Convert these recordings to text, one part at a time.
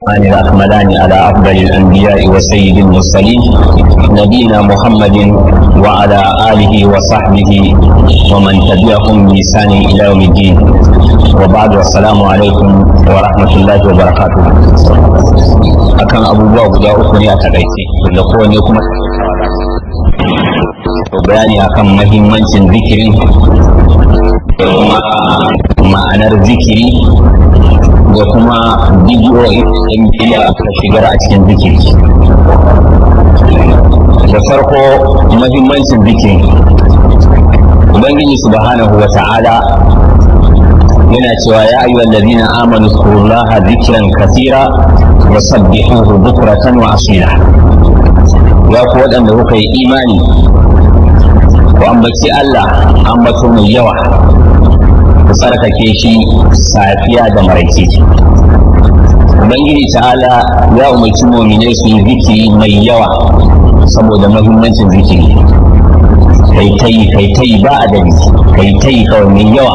الرحمن الأكملان على أفضل الأنبياء وسيد المرسلين نبينا محمد وعلى آله وصحبه ومن تبعهم بلسان إلى يوم الدين وبعد والسلام عليكم ورحمة الله وبركاته أكرم أبو بكر دا أخرى أتغيتي لقوني كما وبياني أكان مهمة ذكري وما معنى الذكري da kuma bidiyoyi ɗin biya da shigar a cikin zikiri da farko mahimmancin zikiri ubangiji subhanahu wa ta'ala yana cewa ya ayyuhal ladina amanu zkurullaha zikran kathira wa sabbihuhu bukratan wa asila ya ku waɗanda kuka yi imani ku ambaci Allah ambato mai yawa tsarkake shi safiya da maraice ubangiji ta'ala ya umarci mominai su yi zikiri mai yawa saboda mahimmancin zikiri kai ta kai ba adadi kai ta kawai mai yawa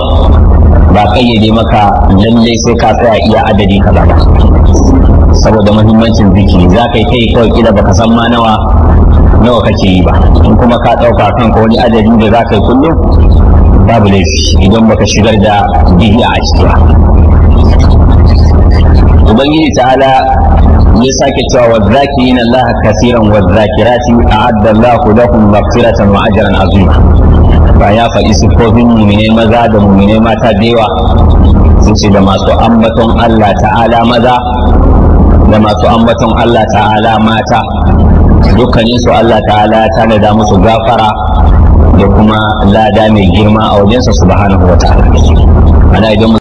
ba kayyade maka lalle sai ka tsaya iya adadi ka ba saboda mahimmancin zikiri za ka yi kai kawai kila baka san ma nawa nawa kake yi ba in kuma ka ɗauka kanka wani adadi da za ka yi kullum babu laifi idan baka shigar da bidiya a ciki ba ubangiji ta'ala ya sake cewa wa na Allah kasiran wa zakirati a Allah lahum maghfiratan wa ajran azima ba ya faɗi siffofin mumine maza da mumine mata da yawa sun ce da masu ambaton Allah ta'ala maza da masu ambaton Allah ta'ala mata dukkaninsu Allah ta'ala ya tanada musu gafara da kuma lada mai girma a wajensa subhanahu wa ta'ala ana idan